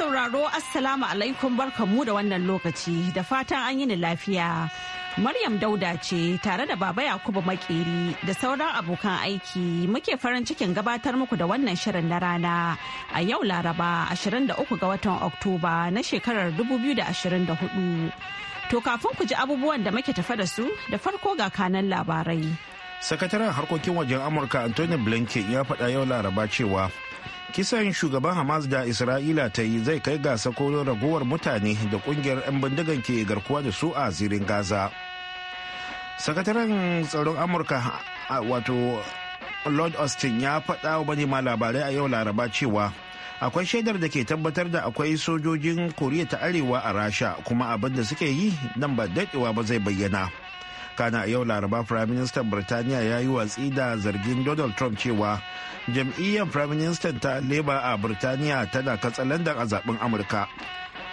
sauraro Assalamu alaikum barkamu da wannan lokaci da fatan an yi ni lafiya. Maryam Dauda ce tare da Baba Yakubu Makeri da sauran abokan aiki muke farin cikin gabatar muku da wannan shirin na rana a yau Laraba 23 ga watan Oktoba na shekarar 2024. To kafin ku ji abubuwan da muke tafa da su da farko ga kanan labarai. Sakataren harkokin wajen Amurka Anthony Blinken ya faɗa yau Laraba cewa kisan shugaban hamas da isra'ila ta yi zai kai ga sakonin ragowar mutane da kungiyar 'yan bindigan ke garkuwa da su a zirin gaza sakataren tsaron amurka wato lord austin ya faɗa wa manema labarai a yau laraba cewa akwai shaidar da ke tabbatar da akwai sojojin koriya ta arewa a rasha kuma abin da suke yi nan ba daɗewa ba zai bayyana. kana a yau laraba firaministan birtaniya ya yi watsi da zargin donald trump cewa jam'iyyar firaministan ta labour a birtaniya tana katsalandan a zaben amurka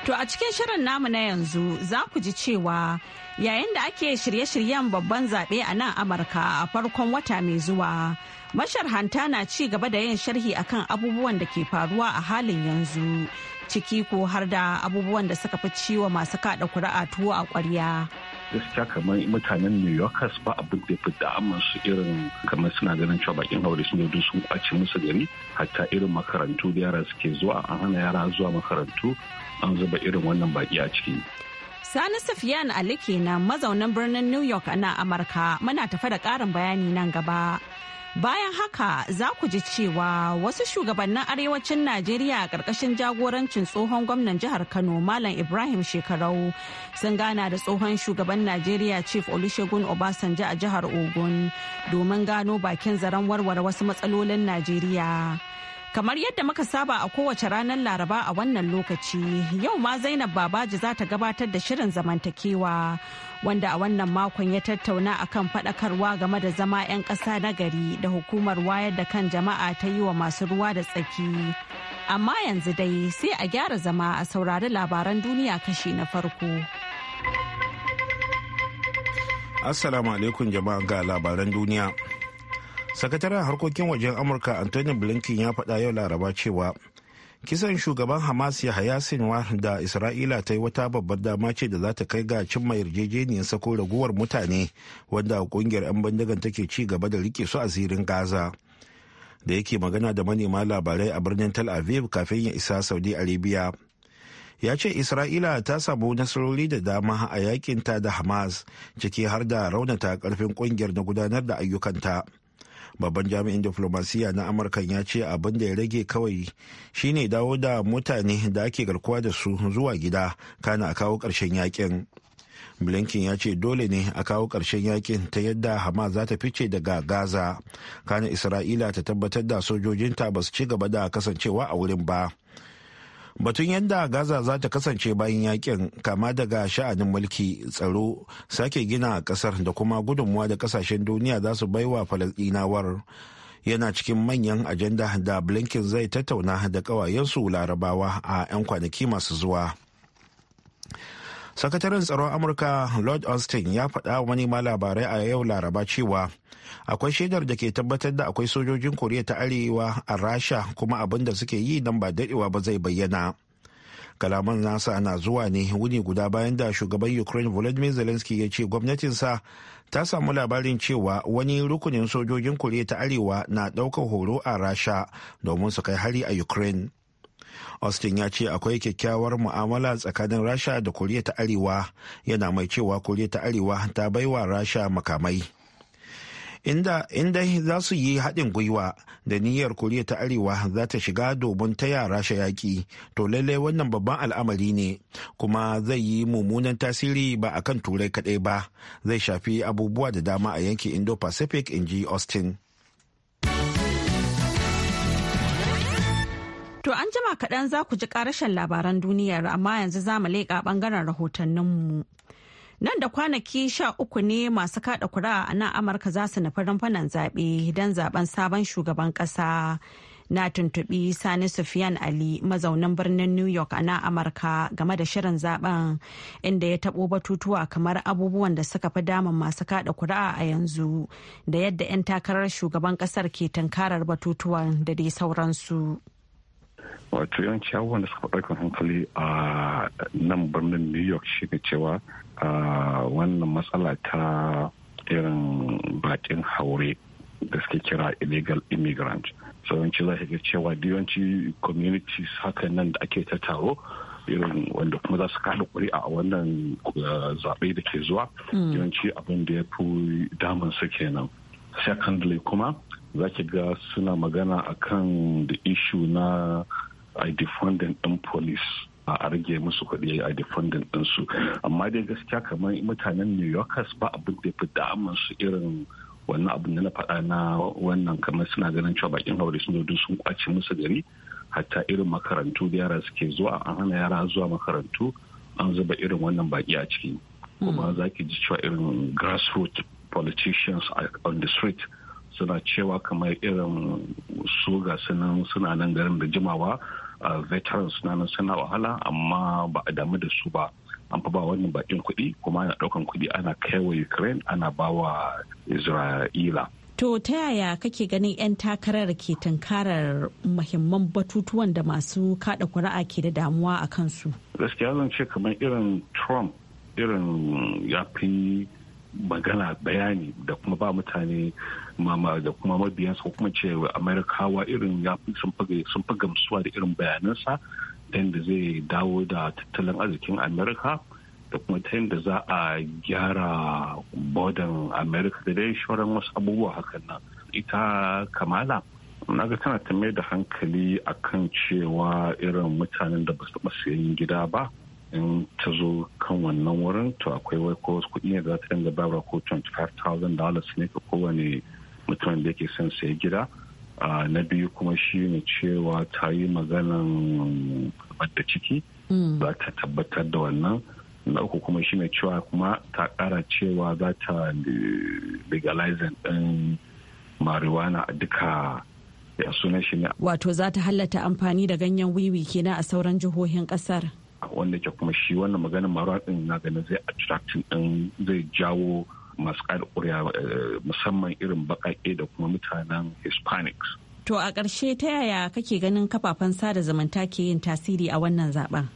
to a cikin shirin namu na yanzu za ku ji cewa yayin da ake shirye-shiryen babban zaɓe a nan amurka a farkon wata mai zuwa masharhanta na ci gaba da yin sharhi akan abubuwan da ke faruwa a halin yanzu ciki ko har da abubuwan da suka fi ciwo masu kaɗa kuri'a tuwo a ƙwarya. gaskiya kamar mutanen new yorkers ba abin da fi da'amar su irin kamar suna ganin cewa bakin haure sun yau sun kwace musu gari hatta irin makarantu da yara suke zuwa an hana yara zuwa makarantu an zuba irin wannan baki a ciki Sani Safiyan Ali kenan mazaunan birnin New York na Amurka muna tafa da ƙarin bayani nan gaba. Bayan haka za ku ji cewa wasu shugabannin arewacin Najeriya a ƙarƙashin jagorancin tsohon gwamnan jihar Kano Malam Ibrahim Shekarau sun gana da tsohon shugaban Najeriya Chief Olusegun Obasanjo a jihar Ogun domin gano bakin zaren warware wasu matsalolin Najeriya. Kamar yadda muka saba a kowace ranar Laraba a wannan lokaci, yau ma Zainab Babaji za ta gabatar da shirin zamantakewa. wanda a wannan makon ya tattauna kan faɗakarwa game da zama 'yan ƙasa na gari da hukumar wayar da kan jama'a ta yi wa masu ruwa da tsaki. Amma yanzu dai sai a gyara zama a saurari labaran duniya kashi na farko. Assalamu alaikum jama'a ga labaran duniya. Sakataren harkokin wajen Amurka Anthony Blinken ya faɗa yau laraba cewa kisan shugaban hamas ya haya sinwa da isra'ila ta yi wata babbar dama ce da za ta kai ga cimma yarjejeniyar sako raguwar mutane wanda kungiyar 'yan bindigan take ci gaba da rike su a zirin gaza da yake magana da manema labarai a birnin tel aviv kafin ya isa saudi arabia ya ce isra'ila ta samu nasarori da dama a yakinta da hamas ciki har da raunata karfin kungiyar na gudanar da ayyukanta. babban jami'in diflomasiyya na amurka ya ce abin da ya rage kawai shine dawo da mutane da ake garkuwa da su zuwa gida kana a kawo karshen yakin blinken ya ce dole ne a kawo karshen yakin ta yadda hama za ta fice daga gaza kana isra'ila ta tabbatar da sojojinta ba su ci gaba da kasancewa a wurin ba batun yadda gaza za ta kasance bayan yakin kama daga sha'anin mulki tsaro sake gina kasar da kuma gudunmuwa da kasashen duniya za su baiwa falasdinawar yana cikin manyan ajanda da blinken zai tattauna da kawayensu larabawa a 'yan kwanaki masu zuwa sakataren tsaron amurka lord austin ya faɗa wani manema labarai a yau laraba cewa akwai shaidar da ke tabbatar da akwai sojojin koriya ta arewa a rasha kuma abin da suke yi nan ba daɗewa ba zai bayyana kalaman nasa na zuwa ne wuni guda bayan da shugaban ukraine volodymyr zelensky ya ce gwamnatinsa ta samu labarin cewa wani rukunin sojojin koriya ta arewa na ɗaukar horo a rasha domin su kai hari a ukraine austin ya ce akwai kyakkyawar mu'amala tsakanin rasha da koriya ta arewa yana mai cewa koriya ta arewa ta baiwa rasha makamai inda inda za su yi haɗin gwiwa da niyyar koriya ta arewa za ta shiga domin ta yara shi yaƙi to lalle wannan babban al'amari ne kuma zai yi mummunan tasiri ba a kan turai kaɗai ba zai shafi abubuwa da dama a yankin indo-pacific in ji austin To an jima kaɗan za ku ji ƙarashin labaran duniyar amma yanzu za mu leƙa ɓangaren rahotanninmu. Nan da kwanaki sha uku ne masu kada kura a nan Amurka za su nufi rumfunan zaɓe don zaɓen sabon shugaban ƙasa. Na tuntuɓi Sani Sufyan Ali mazaunin birnin New York a nan Amurka game da shirin zaben inda ya taɓo batutuwa kamar abubuwan da suka fi damun masu kada kura a yanzu da yadda 'yan takarar shugaban ƙasar ke tunkarar batutuwan da dai sauransu. Wato yawanci abubuwan da suka ɗaukar hankali a nan birnin New York shi cewa a wannan matsala ta irin bakin haure da suke kira illegal immigrant yawanci za ga cewa yawanci communities haka nan da ake ta taro irin wanda kuma za su kada kuri'a a wannan eh, zaɓe da ke zuwa hmm. yawanci abin da ya fi damun su kenan secondly kuma za ki ga suna magana akan da issue na i eh, defendant ɗin police a rage musu kuɗi a defundin ɗinsu amma dai gaskiya kamar mutanen new yorkers ba abin da fi damun su irin wannan abin da na faɗa na wannan kamar suna ganin cewa bakin haure sun zo sun kwace musu gari hatta irin makarantu da yara suke zuwa an hana yara zuwa makarantu an zuba irin wannan baki a ciki kuma hmm. za ki ji cewa irin grassroots politicians on the street suna cewa kamar irin su ga suna nan garin da jimawa veterans na suna wahala amma ba a damu da su ba an fa ba wannan bakin kuɗi kuma ana ɗaukan kuɗi ana kaiwa ukraine ana bawa isra'ila To ta yaya kake ganin 'yan takarar ke tunkarar muhimman batutuwan da masu kada kuri'a ke da damuwa a kansu? Gaskiya zan ce kamar irin Trump irin ya fi magana bayani da kuma ba mutane da kuma mabiyansa ko kuma ce amerikawa irin ya sun fi gamsuwa da irin bayanansa ta yadda zai dawo da tattalin arzikin amerika da kuma ta yadda za a gyara bodan amerika da dai shoran wasu abubuwa hakan nan ita kamala na ga tana ta mai da hankali kan cewa irin mutanen da ba su taɓa sayan gida ba in ta zo kan wannan wurin to akwai wai ko kuɗi ne za ta dinga bayarwa ko 25,000 dollars ne ka kowane mutumin da ke son sai gida na biyu kuma shi ne cewa ta yi maganan da ciki hmm. za ta tabbatar da wannan na uku kuma shi ne cewa kuma ta kara cewa za ta legalizing din marijuana a duka ya suna shi ne wato za ta hallata amfani da ganyen wiwi kenan a sauran jihohin kasar wanda ke kuma shi wannan maganin marijuana din na ganin zai attracting din zai jawo masu kada eh, musamman irin baƙaƙe da kuma mutanen hispanics to a ƙarshe ta yaya kake ganin kafafen sada zumunta ke yin tasiri a wannan zaben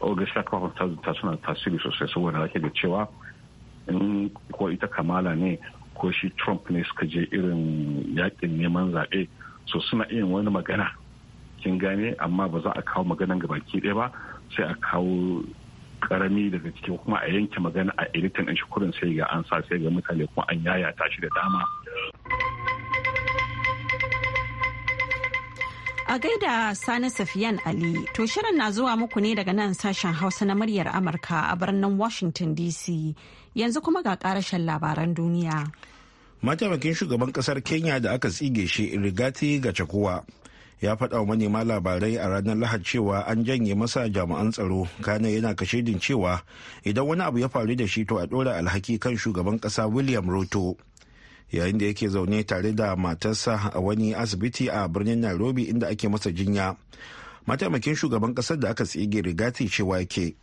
o oh, gaskiya kafafen sada zumunta suna tasiri sosai saboda ake da cewa in ko ita kamala ne ko shi trump ne suka je irin yakin neman zaɓe so suna iya wani magana kin gane amma ba za a kawo maganan gabaki ɗaya ba sai a kawo karami daga ciki kuma a yanke magana a editan ɗin shukurin sai ga an sa sai ga mutane kuma an yayata shi da dama A gaida Sani Safiyan Ali, to shirin na zuwa muku ne daga nan sashen Hausa na muryar Amurka a birnin Washington DC. Yanzu kuma ga karashen labaran duniya. Mataimakin shugaban kasar Kenya da aka tsige shi Rigati cakuwa ya faɗa wa manema labarai a ranar lahad cewa an janye masa jami'an tsaro kana yana kashedin cewa idan wani abu ya faru da shi to a ɗora alhaki kan shugaban ƙasa william roto yayin da yake zaune tare da matarsa a wani asibiti a birnin nairobi inda ake masa jinya mataimakin shugaban ƙasar da aka tsige rigati cewa ke.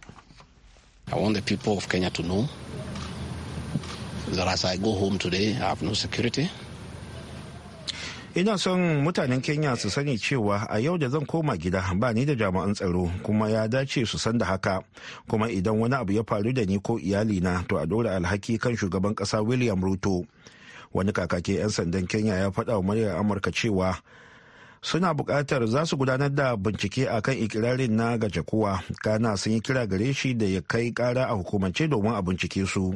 i want the people of kenya to know that as i go home today i have no security ina son mutanen kenya su sani cewa a yau da zan koma gida ba ni da jami'an tsaro kuma ya dace su san da haka kuma idan wani abu ya faru da ni ko iyalina to a dora alhaki kan shugaban kasa william ruto wani kakake 'yan sandan kenya ya faɗa wa amurka cewa suna bukatar za su gudanar da bincike a kan ikirarin na gajakuwa kana sun yi kira gare shi da ya kai kara a hukumance domin a bincike su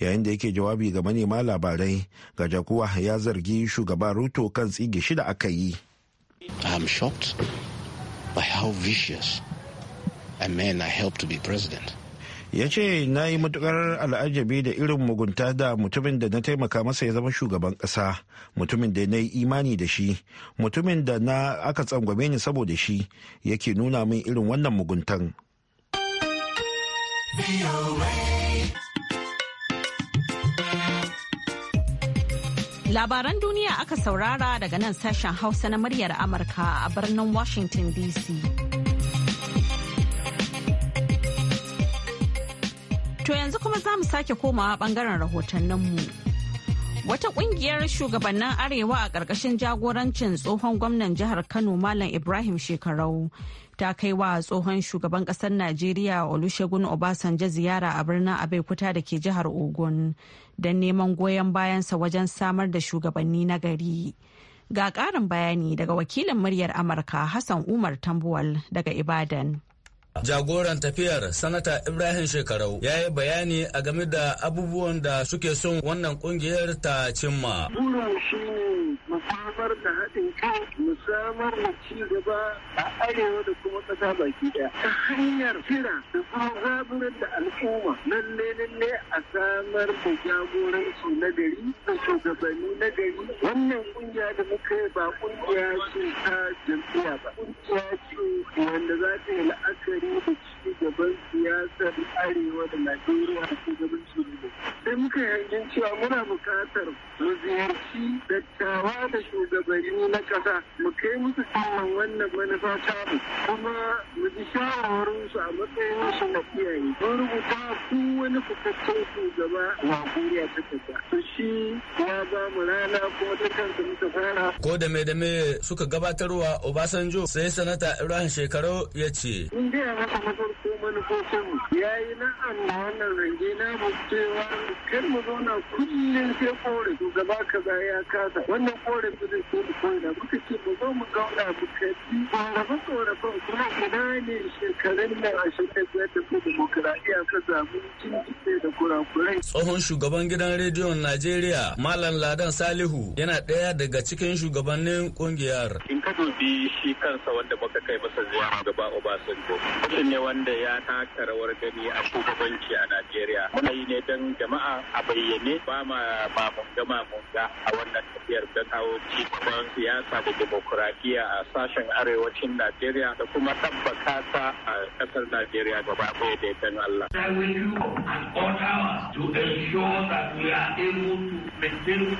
yayin da yake jawabi ga manema labarai gajakuwa ya zargi shugaba ruto kan tsige da aka yi I am shocked by how vicious a man I helped to be president ya ce na yi matukar al'ajabi da irin mugunta da mutumin da na taimaka masa ya zama shugaban kasa mutumin da na yi imani da shi mutumin da na aka tsangwame ni saboda shi yake nuna min irin wannan muguntan labaran duniya aka saurara daga nan sashen hausa na muryar amurka a birnin washington dc To yanzu kuma za mu sake komawa bangaren rahotanninmu. Wata kungiyar shugabannin Arewa a ƙarƙashin jagorancin tsohon gwamnan jihar Kano Malam Ibrahim Shekarau ta kai wa tsohon shugaban ƙasar Najeriya Olusegun Obasanjo ziyara a birnin Abeokuta da ke jihar Ogun don neman goyon bayansa wajen samar da shugabanni na gari. Ga ƙarin bayani daga wakilin muryar Amurka Hassan Umar Tambuwal daga Ibadan. Jagoran tafiyar Sanata Ibrahim Shekarau ya yi bayani a game da abubuwan da suke son wannan kungiyar ta cimma. Burin shi ne mu samar haɗin kai samar da ci gaba a arewa da kuma ƙasa baki ɗaya ta hanyar kira da kuma zaburar da al'umma lalle lalle a samar da jagoranci na gari da shugabanni na gari wannan kungiya da muka yi ba kungiya ce ta jam'iyya ba kungiya ce wanda za ta yi la'akari da ci gaban siyasar arewa da najeriya a shugabanci ne sai muka yankin cewa muna bukatar mu ziyarci dattawa da shugabanni na ƙasa mu kai musu saman wannan manufa tamu kuma mu ji su a matsayin su na iyaye mun rubuta ko wani fitaccen shugaba wa koriya ta kasa to shi ya ba mu rana kuma dukkansu muka fara. ko da me da me suka gabatarwa obasanjo sai sanata ibrahim shekaru ya ce. mun gaya masa na manufofinmu ya yi na da wannan range na mu cewa kar mu zauna kullum sai kore shugaba kaza ya kasa wannan kore su zai so mu koyar muka ce mu zo mu zauna mu kaji tsorafe tsorafen kuma ina ne shekarun nan a shekarar da ta demokuraɗiyya ka samu cikin da kurakurai. Tsohon shugaban gidan rediyon Najeriya Malam Ladan Salihu yana ɗaya daga cikin shugabannin kungiyar. In ka dubi shi kansa wanda muka kai masa ziyara gaba Obasanjo. Mutum ne wanda ya ya taka rawar gani a shugabanci a Najeriya. Muna yi ne don jama'a a bayyane ba ma gama munga a wannan tafiyar da kawo ci gaban siyasa da demokuraɗiyya a sashen arewacin Najeriya da kuma tabbata ta a ƙasar Najeriya gaba ɗaya da dan Allah.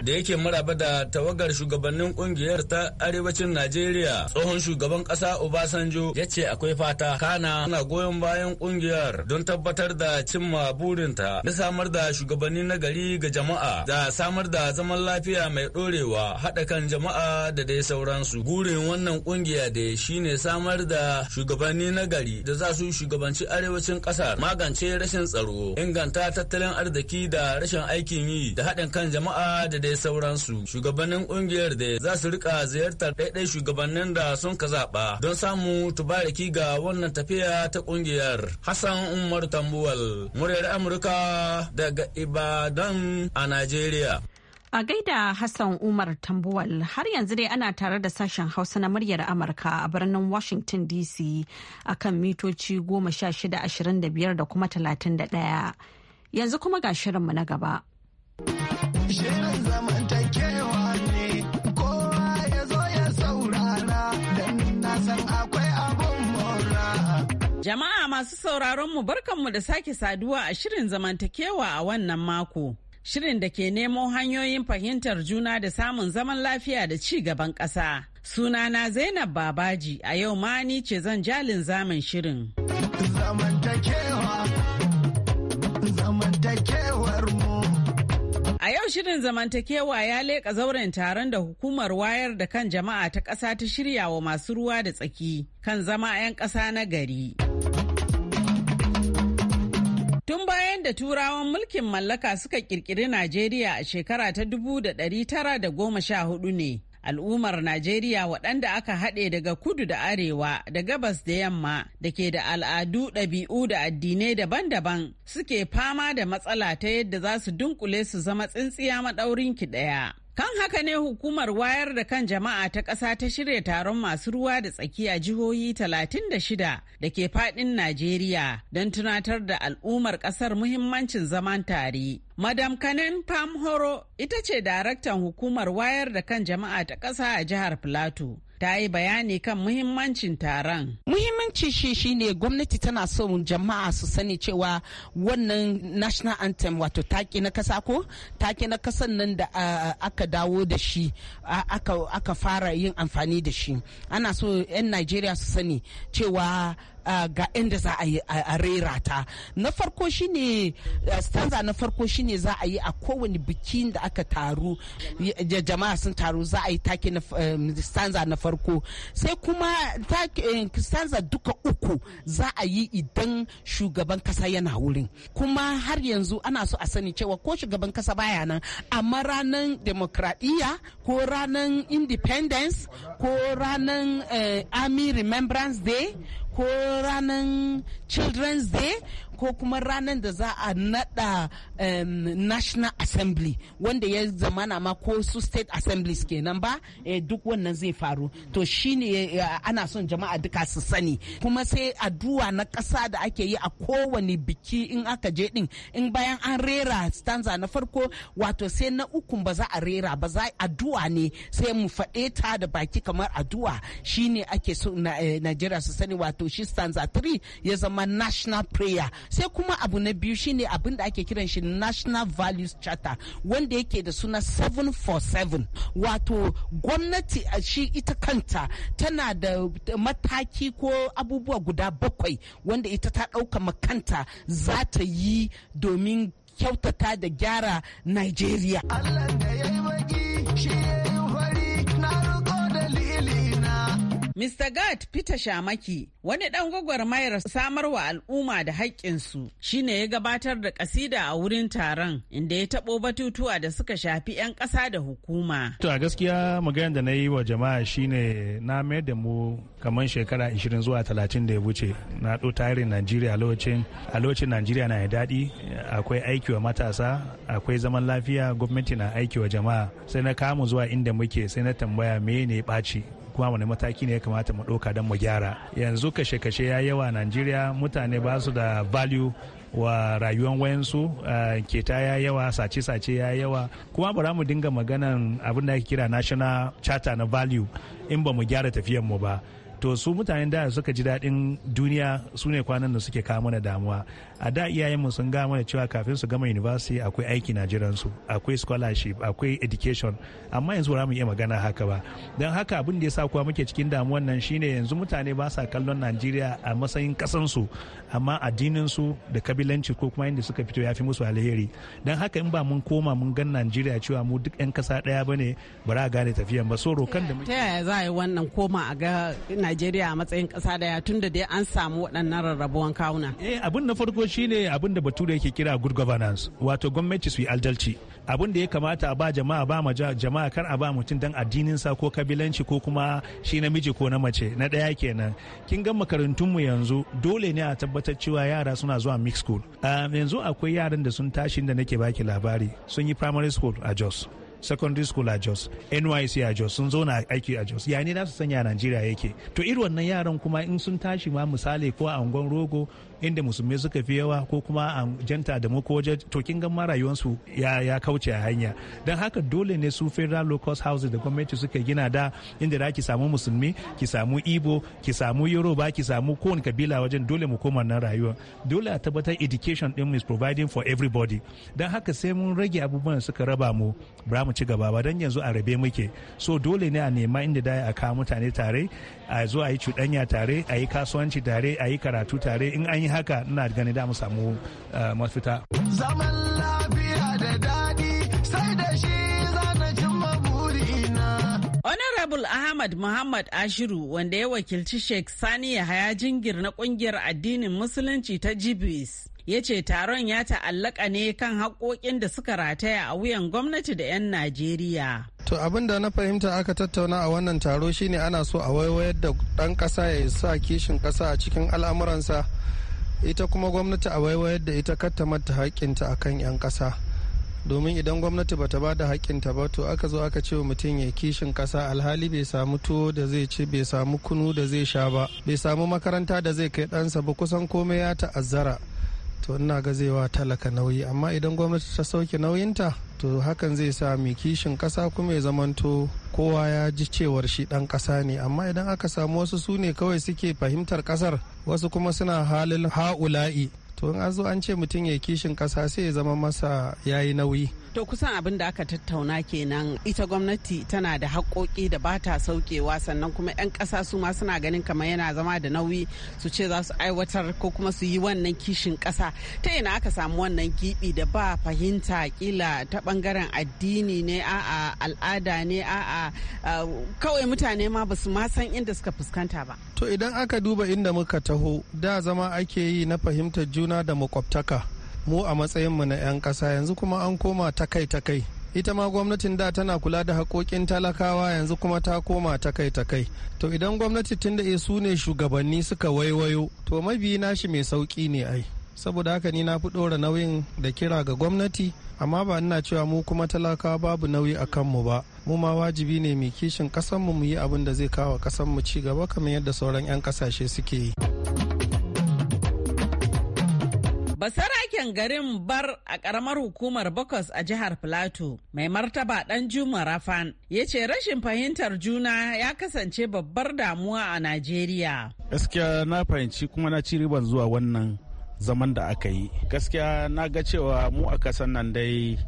Da yake maraba da tawagar shugabannin ƙungiyar ta arewacin Najeriya tsohon shugaban ƙasa Obasanjo ya ce akwai fata kana ana goyon baya bayan kungiyar don tabbatar da cimma burinta na samar da shugabanni na gari ga jama'a da samar da zaman lafiya mai dorewa haɗa kan jama'a da dai sauransu. Gurin wannan kungiya da shine samar da shugabanni na gari da za su shugabanci arewacin ƙasar magance rashin tsaro, inganta tattalin arziki da rashin aikin yi da haɗin kan jama'a da dai sauransu. Shugabannin kungiyar da za su rika ziyartar ɗaiɗai shugabannin da sun ka zaɓa don samu tubariki ga wannan tafiya ta kungiya Nijar. Hassan Umar Tambuwal, muryar Amurka daga Ibadan a Najeriya. A gaida Hassan Umar Tambuwal har yanzu dai ana tare da sashen Hausa na muryar Amurka a birnin Washington DC a kan mitoci 1625 da kuma 31. Yanzu kuma ga shirinmu na gaba. masu sauraron mu barkanmu da sake saduwa a shirin zamantakewa a wannan mako. Shirin da ke nemo hanyoyin fahimtar juna da samun zaman lafiya da ci gaban ƙasa. Sunana Zainab Babaji a yau ma ni ce zan jalin zaman shirin. A yau shirin zamantakewa ya leƙa zauren taron da hukumar wayar da kan jama'a ta ƙasa ta shirya wa masu ruwa da tsaki kan zama 'yan ƙasa na gari. Tun bayan da turawan mulkin mallaka suka kirkiri Najeriya a shekara ta 1914 ne, al'ummar Najeriya waɗanda aka haɗe daga kudu da arewa da gabas da yamma da ke da al'adu ɗabi'u da addinai daban-daban suke fama da matsala ta yadda za su dunkule su zama tsintsiya maɗaurinki ɗaya. Kan haka ne hukumar wayar da kan jama'a ta ƙasa ta shirya taron masu ruwa da tsakiya jihohi 36 da ke faɗin Najeriya don tunatar da al'ummar ƙasar muhimmancin zaman tare. Madam Kanin Pam Horo ita ce daraktan hukumar wayar da kan jama'a ta ƙasa a jihar Filato. ta yi bayani kan muhimmancin taron. muhimmanci shi shine gwamnati tana so jama'a su sani cewa wannan national anthem wato take na kasa ko take na kasan nan da aka dawo da shi aka fara yin amfani da shi. Ana so 'yan Najeriya su sani cewa ga inda za a yi a rera ta na farko shine stanza na farko shine za a yi a kowane biki da aka taru jama'a sun taru za a yi take na stanza na farko sai kuma stanza duka uku za a yi idan shugaban kasa yana wurin kuma har yanzu ana so a sani cewa ko shugaban kasa baya nan amma ranar demokradiyya ko ranar independence ko ranar eh, army remembrance day ko ranar children's day ko kuma ranar da za a nada national assembly wanda ya zamana ma ko su state assemblies kenan ba eh, duk wannan zai faru to shine eh, ana son jama'a duka su sani kuma sai addu'a na ƙasa da ake yi a kowane biki in aka je din in bayan an rera stanza na farko wato sai na uku ba za a rera ba za addu'a ne sai mu faɗe ta da baki kamar addu'a shine ake so eh, Nigeria su sani wato shi stanza 3 ya zama national prayer sai kuma abu na biyu shine abin da ake kiran shi national values charter wanda yake da suna 747 wato gwamnati a shi ita kanta tana da mataki ko abubuwa guda bakwai wanda ita ta ɗauka makanta za ta yi domin kyautata da gyara nigeria Allah ya yi shi Mr. Gad Peter Shamaki, wani ɗan gwagwarmayar samarwa al'umma da haƙƙinsu, shi ne ya gabatar da ƙasida a wurin taron inda ya taɓo batutuwa da suka shafi 'yan ƙasa da hukuma. To a gaskiya magana da na yi wa jama'a shine na mayar da mu kamar shekara 20 zuwa 30 da ya wuce na ɗo tarin Najeriya a lokacin Najeriya na ya daɗi akwai aiki wa matasa akwai zaman lafiya gwamnati na aiki wa jama'a sai na kamu zuwa inda muke sai na tambaya me ne ɓaci kuma wani mataki ne ya kamata mu ɗauka don mu gyara yanzu kashe-kashe ya yawa a najeriya mutane ba su da value wa rayuwar wayansu keta ya yawa sace-sace ya yawa kuma bara mu dinga maganan abin da ake kira national charter na value in ba mu gyara tafiyan mu ba to su mutanen da suka ji daɗin duniya su ne kwanan da suke kawo mana damuwa a da iyayen mu sun gama da cewa kafin su gama university akwai aiki na jiransu akwai scholarship akwai education amma yanzu ba mu iya magana haka ba don haka abin da ya sa kuwa muke cikin damuwan nan shine yanzu mutane ba sa kallon najeriya a matsayin kasansu amma addininsu da kabilanci ko kuma inda suka fito ya fi musu alheri don haka in ba mun koma mun gan najeriya cewa mu duk 'yan kasa daya bane ba za gane tafiyan ba so rokan da ta yaya za a yi wannan koma a ga najeriya a matsayin kasa daya tun da dai an samu waɗannan rarrabuwan kawuna eh abin na farko shine abin da bature yake kira good governance wato gwamnati su yi adalci abin da ya kamata a ba jama'a ba ma jama'a kar a ba mutum dan addininsa ko kabilanci ko kuma shi namiji ko na mace na daya kenan kin ga makarantun mu yanzu dole ne a tabbatar cewa yara suna zuwa mix school um, yanzu akwai yaran da sun tashi da nake baki labari sun yi primary school a jos secondary school a jos nyc a jos sun zo na aiki a jos ya na su sanya najeriya yake to irin wannan yaran kuma in sun tashi ma misali ko a angon rogo inda musulmi suka fi yawa ko kuma a janta da ko waje to kin ga rayuwarsu ya ya kauce a hanya don haka dole ne su federal low cost houses da gwamnati suka gina da inda da ki samu musulmi ki samu ibo ki samu yoruba ki samu kowane kabila wajen dole mu koma nan rayuwa dole a tabbatar education din is providing for everybody don haka sai mun rage abubuwan suka raba mu ba mu ci gaba ba don yanzu a rabe muke so dole ne a nema inda da a kawo mutane tare a zo a yi cuɗanya tare a yi kasuwanci tare a yi karatu tare in an yi yi haka ina gani da mu samu eh, mafita zaman lafiya da daɗi sai da shi Honorable Ahmad Muhammad Ashiru wanda ya wakilci Sheikh Sani Yahaya Jingir na kungiyar addinin Musulunci ta Jibis ya ce taron ya ta'allaka ne kan haƙoƙin da suka rataya a wuyan gwamnati da 'yan Najeriya. To abin da na fahimta aka tattauna a wannan taro shine ana so a waiwayar da ɗan ƙasa ya sa kishin ƙasa a cikin al'amuransa ita kuma gwamnati a waiwayar da ita katta mata haƙƙinta a kan 'yan ƙasa domin idan gwamnati ba ta ba da haƙƙinta ba to aka zo aka ce wa mutum ya kishin ƙasa alhali bai samu tuwo da zai ci bai samu kunu da zai sha ba bai samu makaranta da zai kai ɗansa ba kusan komai ya ta'azzara to ina ga zai wa talaka nauyi amma idan gwamnati ta sauke nauyinta to hakan zai sa mai kishin kasa kuma ya zamanto kowa ya ji cewar shi dan kasa ne amma idan aka samu wasu su ne kawai suke fahimtar kasar wasu kuma suna halin ha'ula'i to in an zo an ce mutum ya kishin kasa sai ya zama masa yayi nauyi To kusan abin da aka tattauna kenan ita gwamnati tana da haƙoƙi da ba ta saukewa sannan kuma 'yan ƙasa su ma suna ganin kamar yana zama da nauyi su ce za su aiwatar ko kuma su yi wannan kishin ƙasa. Ta ina aka samu wannan giɓi da ba fahimta kila ta ɓangaren addini ne a'a al'ada ne a'a kawai mutane ma ba su ma san inda suka fuskanta ba. To idan aka duba inda muka taho da zama ake yi na fahimtar juna da makwabtaka. mu a matsayinmu na 'yan kasa yanzu kuma an koma ta kai ta kai ita ma gwamnatin da tana kula da haƙoƙin talakawa yanzu kuma ta koma ta kai ta kai to idan gwamnati tun da su ne shugabanni suka waiwayo to mabi nashi mai sauƙi ne ai saboda haka ni na fi ɗora nauyin da kira ga gwamnati amma ba ina cewa mu kuma talakawa babu nauyi a kanmu ba mu ma wajibi ne mai kishin ƙasanmu mu yi abin da zai kawo ƙasanmu ci gaba kamar yadda sauran 'yan ƙasashe suke yi. Basaraken garin Bar a karamar hukumar Bokos a jihar Filato, mai martaba dan Juma Rafan, ya ce rashin fahimtar juna ya kasance babbar damuwa a Najeriya. Gaskiya na fahimci kuma na ci riban zuwa wannan zaman da aka yi. Gaskiya na ga cewa mu a kasan nan dai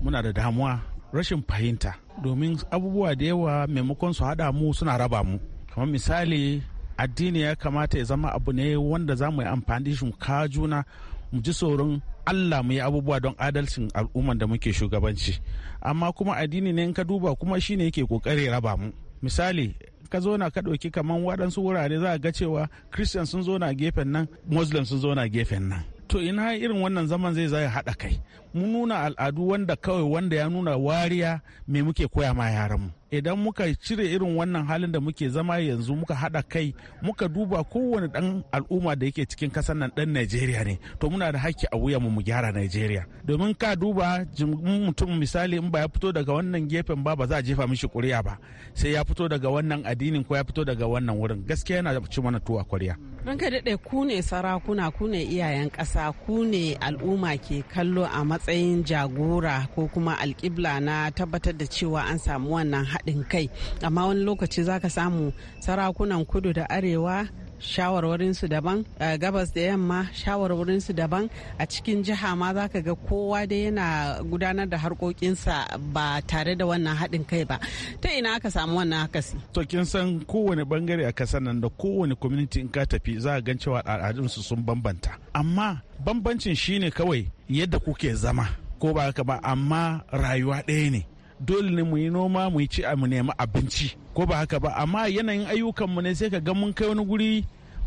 muna da damuwa rashin fahimta domin abubuwa da yawa maimakon su hada mu suna raba mu. Kamar misali addini ya kamata ya zama abu ne wanda za mu yi amfani shi mu juna mu ji tsoron Allah mu yi abubuwa don adalcin al'umman da muke shugabanci amma kuma addini ne in ka duba kuma shi ne yake kokari raba mu misali ka zo na ka ɗauki kaman waɗansu wurare za a ga cewa christian sun zo na gefen nan muslim sun zo na gefen nan to ina irin wannan zaman zai zai haɗa kai mu nuna al'adu wanda kawai wanda ya nuna wariya me muke koya ma yaranmu idan muka cire irin wannan halin da muke zama yanzu muka haɗa kai muka duba kowane ɗan al'umma da yake cikin kasar nan ɗan najeriya ne to muna da haƙƙi a wuya mu gyara najeriya domin ka duba mutum misali in ba ya fito daga wannan gefen ba ba za a jefa mishi ƙuri'a ba sai ya fito daga wannan addinin ko ya fito daga wannan wurin gaskiya yana ci mana tuwa ƙuri'a. ka daɗe ku ne sarakuna ku ne iyayen ƙasa ku ne al'umma ke kallo a matsayin jagora ko kuma alƙibla na tabbatar da cewa an samu wannan haɗin kai amma wani lokaci za ka samu sarakunan kudu da arewa shawarwarinsu daban gabas da yamma shawarwarinsu daban a cikin jiha ma za ka ga kowa da yana gudanar da harkokinsa ba tare da wannan haɗin kai ba ta ina aka samu wannan akasi to kin san kowane bangare a kasar nan da kowane community in ka tafi za a gan cewa al'adunsu sun bambanta amma bambancin shine kawai yadda kuke zama ko ba haka ba amma rayuwa ɗaya ne dole ne mu yi noma mu yi ci mu nemi abinci ko ba haka ba amma yanayin ayyukan mu ne sai ka ga mun kai wani guri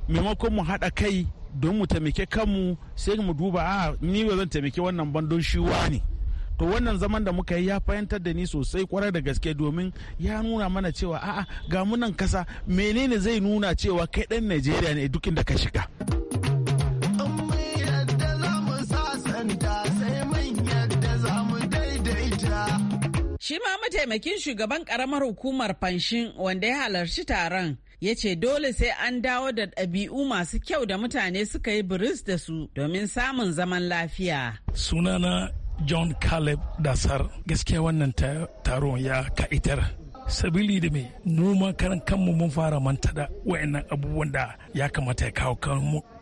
maimakon mu haɗa kai don mu taimake kanmu sai mu duba a ah, ni ba zan taimake wannan bandon don shi ne to wannan zaman da muka yi ya fahimtar da ni sosai kwarai da gaske domin ya nuna mana cewa a'a ga munan kasa menene zai nuna cewa kai ɗan najeriya ne duk inda ka shiga. Shi ma mataimakin shugaban karamar hukumar fanshin wanda ya halarci taron ya ce dole sai an dawo da ɗabi'u masu kyau da mutane suka yi biris da su domin samun zaman lafiya. Sunana John Caleb Dasar gaskiya wannan taron ya ka'itar sabili da mai noma karan kanmu mun fara manta da wa'annan abubuwan da ya kamata ya kawo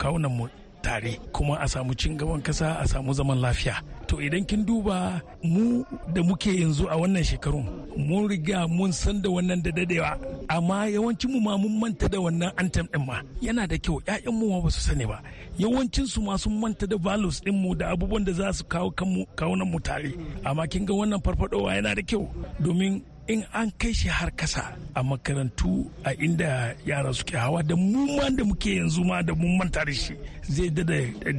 kawunan mu tare kuma a samu cin gaban kasa a samu zaman lafiya to idan kin duba mu da muke yanzu a wannan shekarun mun riga mun san da wannan da dadewa amma yawancin mu ma mun manta da wannan antem din ma yana da kyau ƴaƴan mu ma ba su sani ba yawancin su ma sun manta da values din mu da abubuwan da za su kawo kanmu kawunan mu tare amma kin ga wannan farfadowa yana da kyau domin in an kai shi har kasa a makarantu a inda yara suke hawa da mu da muke yanzu ma da mun manta da shi zai da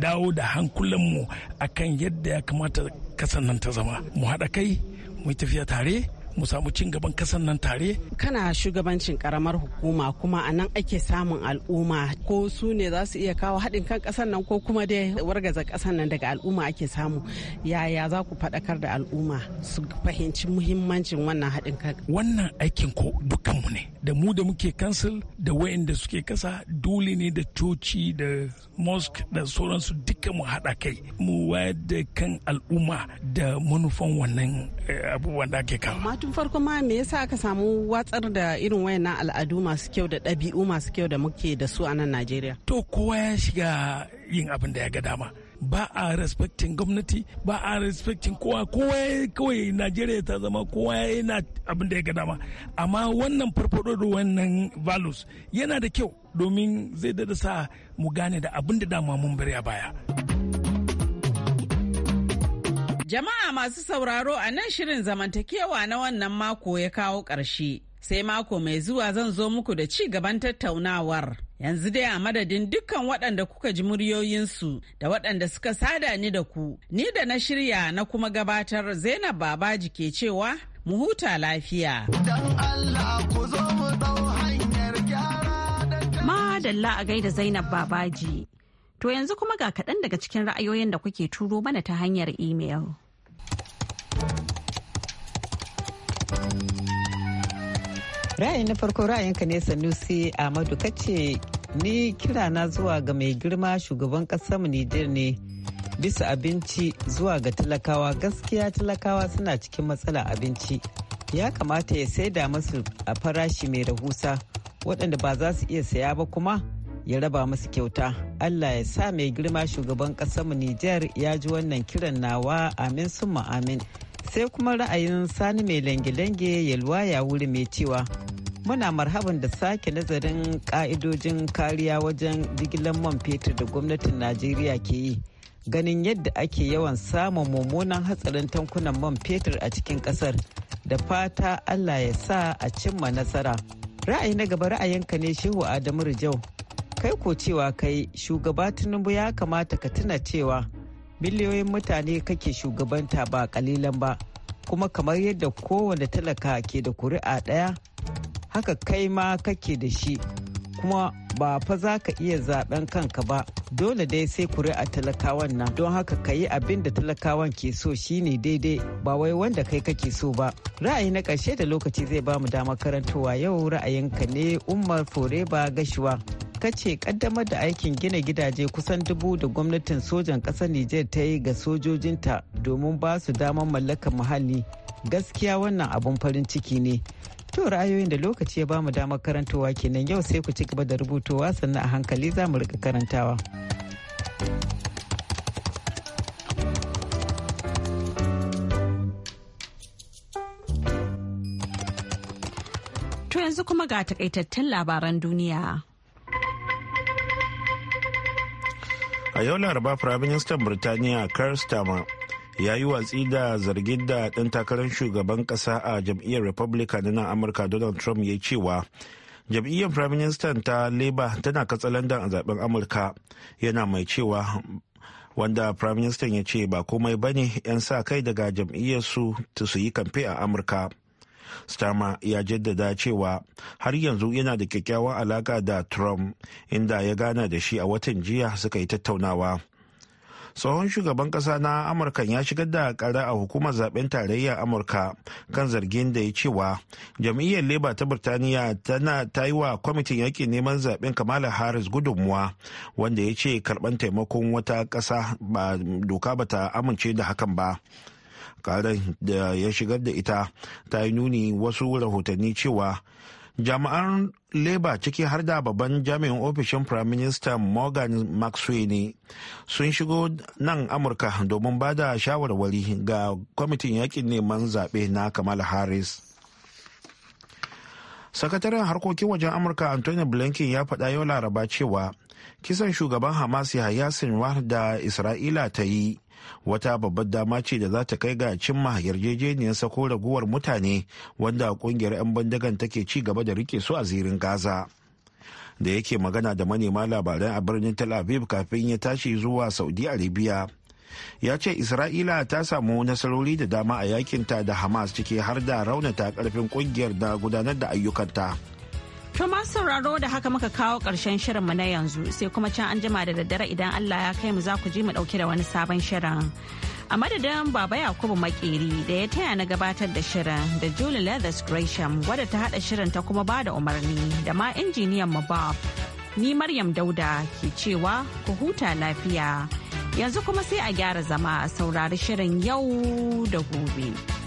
dawo da hankulanmu kan yadda ya kamata kasan nan ta zama mu haɗa kai mu tafiya tare mu samu cin gaban kasan nan tare kana shugabancin karamar hukuma kuma a nan ake samun al'umma ko su ne za su iya kawo haɗin kan kasan nan ko kuma dai wargaza kasan nan daga al'umma ake samu yaya za ku faɗakar da al'umma su fahimci muhimmancin wannan haɗin kan wannan aikin ko dukkanmu ne da mu da muke kansil da wayanda suke kasa dole ne da coci da mosque da sauransu duka mu haɗa kai mu wayar da kan al'umma da manufan wannan eh, abubuwan da ake kawo tun farko ma me yasa aka samu watsar da irin wayannan al'adu masu kyau da ɗabi'u masu kyau da muke da su a nan Najeriya? To kowa ya shiga yin abin da ya ga dama. ba a respectin gwamnati ba a respectin kowa kowa kawai najeriya ta zama kowa yana abin da ya ga dama amma wannan farfado da wannan values yana da kyau domin zai dada sa mu gane da abin da dama mun bari a baya. Jama'a masu sauraro a nan shirin zamantakewa na wannan mako ya kawo ƙarshe. Sai mako mai zuwa zan zo muku da ci gaban tattaunawar. Yanzu dai a madadin dukkan waɗanda kuka ji muryoyinsu da waɗanda suka sada ni da ku, ni da na shirya na kuma gabatar Zainab Babaji ke cewa mu huta lafiya. Madalla a gaida Zainab Babaji. To yanzu kuma ga kaɗan daga cikin ra'ayoyin da kuke turo mana ta hanyar imel. ra'ayin na farko ra'ayinka ne Sanusi Ahmadu kace ni kira na zuwa ga mai girma shugaban ƙasar Nijar ne bisa abinci zuwa ga talakawa gaskiya talakawa suna cikin matsala abinci ya kamata ya saida masu a farashi mai rahusa waɗanda ba za su iya saya ba kuma ya raba masu kyauta allah ya sa mai girma shugaban mu nijar ya ji wannan kiran nawa amin summa amin sai kuma ra'ayin sani mai lange-lange ya ya wuri mai cewa muna marhaban da sake nazarin ka'idojin kariya wajen jigilar man fetur da gwamnatin najeriya ke yi ganin yadda ake yawan samun mummunan hatsarin tankunan man fetur a cikin kasar da fata allah ya sa a cimma nasara ra'ayi na gaba ra'ayinka ne shehu adamu rijau kai ko cewa kai shugaba tinubu ya kamata ka tuna cewa miliyoyin mutane kake shugabanta ba kalilan ba kuma kamar yadda kowane talaka ke da kuri'a ɗaya haka kai ma kake da shi kuma ba fa za ka iya zaben kanka ba dole dai sai kuri'a talakawan nan don haka ka yi abin da talakawan ke so shine daidai ba wai wanda kai kake so ba ra'ayi na ƙarshe da lokaci zai ba mu dama karantowa yau ra'ayinka ne umar foreba gashuwa ka ce kaddamar da aikin gina gidaje kusan dubu da gwamnatin sojan ƙasar Nijar ta yi ga sojojinta domin ba su damar mallakar muhalli gaskiya wannan abun farin ciki ne. To ra'ayoyin da lokaci ya bamu damar karantowa kenan yau sai ku ci gaba da rubutowa sannan a hankali za mu rika karantawa. To yanzu kuma ga takaitattun labaran duniya. a yau laraba firaministan birtaniya kar starmer ya yi watsi da zargin da ɗan takarar shugaban ƙasa a jam'iyyar republican na nan amurka donald trump ya cewa jam'iyyar firaministan ta labour tana katsalandan a zaben amurka yana mai cewa wanda firaministan ya ce ba komai ba ne 'yan sa kai daga jam'iyyarsu ta su yi kamfe a amurka starmer ya jaddada cewa har yanzu yana da kyakkyawa alaka da trump inda ya gana da shi a watan jiya suka yi tattaunawa tsohon shugaban kasa na amurka ya shigar da kara a hukumar zaben tarayya amurka kan zargin da ya cewa jam'iyyar leba ta birtaniya tana ta yi wa kwamitin yakin neman zaben kamala harris gudunmuwa wanda ya ce karban taimakon wata kasa ba doka ba ta amince da hakan ba karar da ya shigar da ita ta yi nuni wasu rahotanni cewa jami'an leba ciki har da babban jami'in ofishin prime minister morgan maxwell ne sun shigo nan amurka domin ba da shawarwari ga kwamitin yakin neman zaɓe na kamala harris sakataren harkokin wajen amurka anthony blinken ya faɗa yau laraba cewa kisan shugaban hamas ya wa da isra'ila ta yi wata babbar dama ce da za ta kai ga cimma yarjejeniyar sako raguwar mutane wanda kungiyar 'yan bandagan take ci gaba da rike su a zirin gaza da yake magana da manema labaran a birnin tel aviv kafin ya tashi zuwa saudi arabia ya ce isra'ila ta samu nasarori da dama a yakinta da hamas ciki har da raunata karfin kungiyar da gudanar da ayyukanta. To sauraro da haka muka kawo ƙarshen shirinmu na yanzu sai kuma can an jima da daddare idan Allah ya kai mu za ku ji mu dauke da wani sabon shirin. A madadin Baba Yakubu Makeri da ya taya na gabatar da shirin da Julie Leathers Gresham wadda ta hada shirin ta kuma ba da umarni da ma injiniyan mu Bob. Ni Maryam Dauda ke cewa ku huta lafiya. Yanzu kuma sai a gyara zama a saurari shirin yau da gobe.